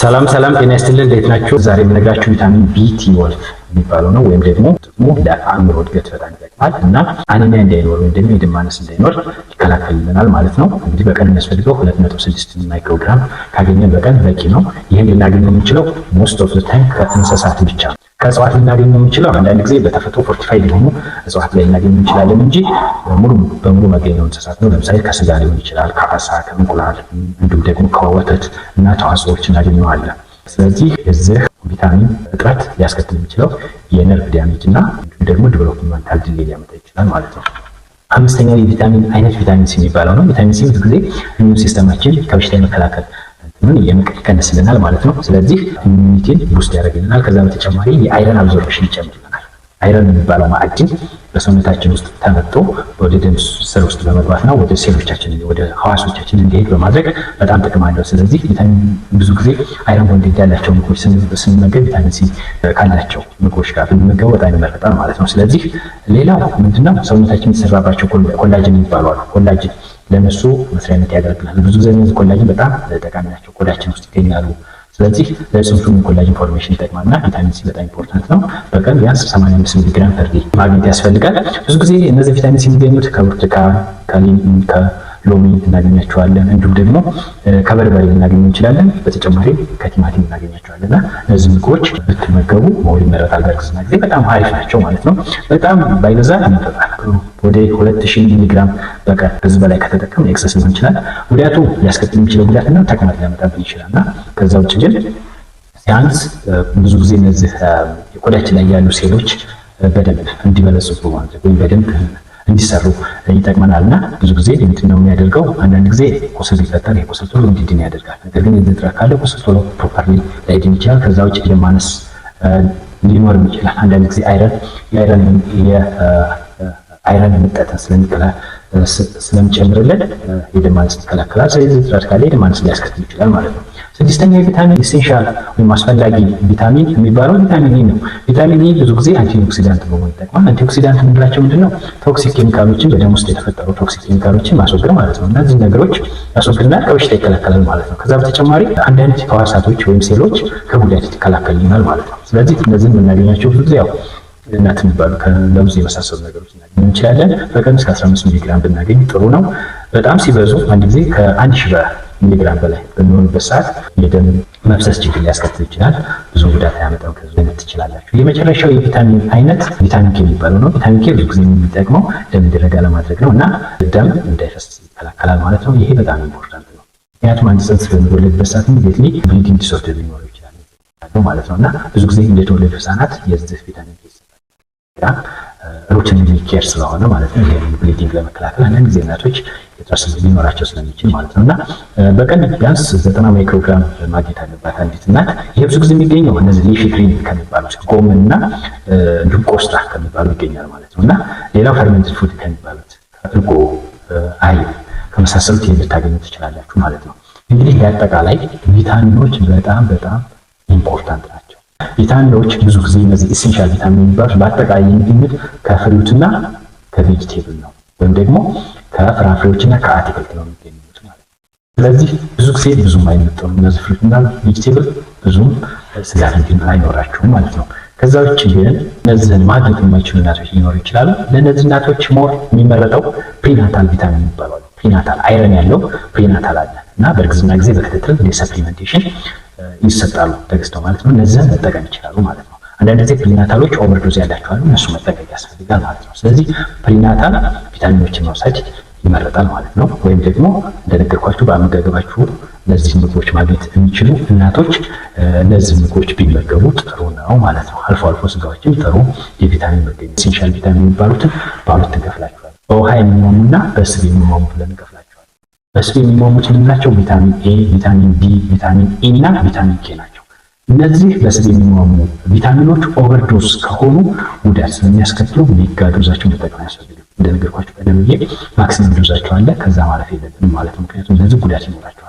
ሰላም ሰላም፣ ጤና ይስጥልን። እንዴት ናቸው? ዛሬ የምነግራችሁ ቪታሚን ቢ12 የሚባለው ነው ወይም ደግሞ ጥቅሙ ለአእምሮ እድገት በጣም ይጠቅማል እና አኒሚያ እንዳይኖር ወይም ደግሞ የደም ማነስ እንዳይኖር ይከላከልልናል ማለት ነው። እንግዲህ በቀን የሚያስፈልገው 2.6 ማይክሮግራም ካገኘን በቀን በቂ ነው። ይህን ልናገኘው የምንችለው ሞስት ኦፍ ታይም ከእንስሳት ብቻ ነው። ከእጽዋት ልናገኘው የምንችለው አንዳንድ ጊዜ በተፈጥሮ ፎርቲፋይ ሊሆኑ እጽዋት ላይ ልናገኝ እንችላለን እንጂ ሙሉ በሙሉ መገኘው እንስሳት ነው። ለምሳሌ ከስጋ ሊሆን ይችላል፣ ከአሳ፣ ከእንቁላል እንዲሁም ደግሞ ከወተት እና ተዋጽኦዎች እናገኘዋለን። ስለዚህ እዚህ ቪታሚን እጥረት ሊያስከትል የሚችለው የነርቭ ዳሜጅ እና ደግሞ ዲቨሎፕመንታል ዲሌይ ሊያመጣ ይችላል ማለት ነው። አምስተኛው የቪታሚን አይነት ቪታሚን ሲ የሚባለው ነው። ቪታሚን ሲ ብዙ ጊዜ ኢሚዩን ሲስተማችን ከበሽታ የመከላከል ምን የምግብ ይቀንስልናል ማለት ነው። ስለዚህ ኢሚኒቲን ቡስት ያደርግልናል። ከዛ በተጨማሪ የአይረን አብዞርፕሽን ይጨምራል። አይረን የሚባለው ማዕድን በሰውነታችን ውስጥ ተመጥቶ ወደ ደም ስር ውስጥ በመግባትና ወደ ሴሎቻችን ወደ ህዋሶቻችን እንዲሄድ በማድረግ በጣም ጥቅም አለው። ስለዚህ ቪታሚን ብዙ ጊዜ አይረን ኮንቴንት ያላቸው ምግቦች ስንመገብ ቪታሚን ሲ ካላቸው ምግቦች ጋር ብንመገብ በጣም ይመረጣል ማለት ነው። ስለዚህ ሌላው ምንድነው ሰውነታችን የሚሰራባቸው ኮላጅን የሚባሉ አሉ። ኮላጅን ለነሱ መስሪያነት ያገለግላል። ብዙ ጊዜ ኮላጅን በጣም ጠቃሚ ናቸው። ቆዳችን ውስጥ ይገኛሉ። ስለዚህ ለጽንሱ ኮላጅ ኢንፎርሜሽን ይጠቅማልና ቪታሚን ሲ በጣም ኢምፖርታንት ነው። በቀን ቢያንስ 85 ሚሊግራም ፐር ዴይ ማግኘት ያስፈልጋል። ብዙ ጊዜ እነዚህ ቪታሚን ሲ የሚገኙት ከብርቱካን፣ ከሊም፣ ሎሚ እናገኛቸዋለን። እንዲሁም ደግሞ ከበርበሬ ልናገኝ እንችላለን። በተጨማሪ ከቲማቲም እናገኛቸዋለን እና እነዚህ ምግቦች ብትመገቡ መሆን ይመረጣል። በእርግዝና ጊዜ በጣም አሪፍ ናቸው ማለት ነው። በጣም ባይበዛ ይመጠጣል። ወደ ሁለት ሺ ሚሊግራም በቀን ከዚህ በላይ ከተጠቀም ኤክሰስ ሊሆን ይችላል። ጉዳቱ ሊያስከትል የሚችለው ጉዳትና ተቅማጥ ሊያመጣብን ይችላል እና ከዛ ውጭ ግን ሲያንስ ብዙ ጊዜ እነዚህ ቆዳችን ላይ ያሉ ሴሎች በደንብ እንዲበለጽጉ ማለት ወይም በደንብ እንዲሰሩ ይጠቅመናል እና ብዙ ጊዜ ሊሚት ነው የሚያደርገው። አንዳንድ ጊዜ ቁስል ይፈጠር የቁስል ቶሎ እንዲድን ያደርጋል። ነገር ግን የዘንጥራ ካለ ቁስል ቶሎ ፕሮፐርሊ ላይድን ይችላል። ከዛ ውጭ የማነስ ሊኖር ይችላል። አንዳንድ ጊዜ አይረን የአይረን አይረን መጠጠን ስለሚከላ ስለሚጨምርልን የደም ማነስ ይከላከላል። ስለዚህ ዘንጥራ ካለ የደም ማነስ ሊያስከትል ይችላል ማለት ነው። ስድስተኛ የቪታሚን ኢሴንሻል ወይም አስፈላጊ ቪታሚን የሚባለው ቪታሚን ኢ ነው። ቪታሚን ኢ ብዙ ጊዜ አንቲ ኦክሲዳንት በመሆን ይጠቅማል። አንቲኦክሲዳንት የምንላቸው ምንድን ነው? ቶክሲክ ኬሚካሎችን በደም ውስጥ የተፈጠሩ ቶክሲክ ኬሚካሎችን ማስወገድ ማለት ነው። እነዚህ ነገሮች ያስወግድና ከበሽታ ይከላከላል ማለት ነው። ከዛ በተጨማሪ አንዳንድ ከዋሳቶች ወይም ሴሎች ከጉዳት ይከላከልናል ማለት ነው። ስለዚህ እነዚህን የምናገኛቸው ብዙ ጊዜ ያው እናት የሚባሉ ለብዙ የመሳሰሉ ነገሮች እናገኝ እንችላለን። በቀን እስከ 15 ሚሊግራም ብናገኝ ጥሩ ነው። በጣም ሲበዙ አንድ ጊዜ ከአንድ ሺህ ሚሊግራም በላይ በሚሆንበት ሰዓት የደም መብሰስ ችግር ሊያስከትል ይችላል። ብዙ ጉዳት አያመጣም። ከዚ ልምት ትችላላችሁ። የመጨረሻው የቪታሚን አይነት ቪታሚን ኬ የሚባለው ነው። ቪታሚን ኬ ብዙ ጊዜ የሚጠቅመው ደም እንዲረጋ ለማድረግ ነው እና ደም እንዳይፈስ ይከላከላል ማለት ነው። ይሄ በጣም ኢምፖርታንት ነው። ምክንያቱም አንድ ጽንስ በሚወለድበት ሰዓት ቤትሊ ብሊዲንግ ዲስኦርደር ሊኖረው ይችላል ማለት ነው እና ብዙ ጊዜ እንደተወለዱ ህጻናት የዚህ ቪታሚን ኬ ይሰጣል። ሩቲን ኬር ስለሆነ ማለት ነው። ይሄ ብሊዲንግ ለመከላከል አንዳንድ ጊዜ እናቶች የጥርስ ሊኖራቸው ስለሚችል ማለት ነው እና በቀን ቢያንስ ዘጠና ማይክሮግራም ማግኘት አለባት አንዲት እናት። ይሄ ብዙ ጊዜ የሚገኘው እነዚህ ሊፊ ግሪን ከሚባሉ ጎመን እና እንዲሁም ቆስጣ ከሚባሉ ይገኛል ማለት ነው እና ሌላው ፈርመንትድ ፉድ ከሚባሉት እርጎ፣ አይብ ከመሳሰሉት ልታገኙ ትችላላችሁ ማለት ነው። እንግዲህ ለአጠቃላይ ቪታሚኖች በጣም በጣም ኢምፖርታንት ናቸው። ቪታሚኖች ብዙ ጊዜ እነዚህ ኢሴንሻል ቪታሚን የሚባሉት በአጠቃላይ የሚገኙት ከፍሩትና ከቬጅቴብል ነው። ወይም ደግሞ ከፍራፍሬዎችና ከአትክልት ነው የሚገኙት ማለት ነው። ስለዚህ ብዙ ጊዜ ብዙም አይመጠኑም እነዚህ እና ቬጅቴብል ብዙም ስጋት እንትን አይኖራቸውም ማለት ነው። ከዛ ውጭ ግን እነዚህን ማግኘት የማይችሉ እናቶች ሊኖሩ ይችላሉ። ለእነዚህ እናቶች ሞር የሚመረጠው ፕሪናታል ቪታሚን ይባላል። ፕሪናታል አይረን ያለው ፕሪናታል አለ እና በእርግዝና ጊዜ በክትትል ሰፕሊመንቴሽን ይሰጣሉ ተገዝተው ማለት ነው። እነዚህን መጠቀም ይችላሉ ማለት ነው። አንዳንድ ጊዜ ፕሪናታሎች ኦቨርዶዝ ያላቸዋሉ እነሱ መጠቀም ያስፈልጋል ማለት ነው። ስለዚህ ፕሪናታል ቪታሚኖችን መውሰድ ይመረጣል ማለት ነው። ወይም ደግሞ እንደነገርኳችሁ በአመጋገባችሁ እነዚህ ምግቦች ማግኘት የሚችሉ እናቶች እነዚህ ምግቦች ቢመገቡ ጥሩ ነው ማለት ነው። አልፎ አልፎ ስጋዎችም ጥሩ የቪታሚን መገኘ ኢሴንሻል ቪታሚን የሚባሉትን በሁለት እንከፍላቸዋለን። በውሃ የሚሟሙና በስብ የሚሟሙ ብለን እንከፍላቸዋለን። በስብ የሚሟሙት ምንላቸው? ቪታሚን ኤ፣ ቪታሚን ዲ፣ ቪታሚን ኢ እና ቪታሚን ኬ ናቸው። እነዚህ በስብ የሚሟሙ ቪታሚኖች ኦቨርዶስ ከሆኑ ጉዳት ስለሚያስከትሉ ሚጋ ዶዛቸውን መጠቀም ያስፈልጋል። እንደነገርኳችሁ ቀደም ብዬ ማክሲመም ዶዛቸው አለ። ከዛ ማለፍ የለብን ማለት ነው። ምክንያቱም ለዚህ ጉዳት ይኖራቸዋል።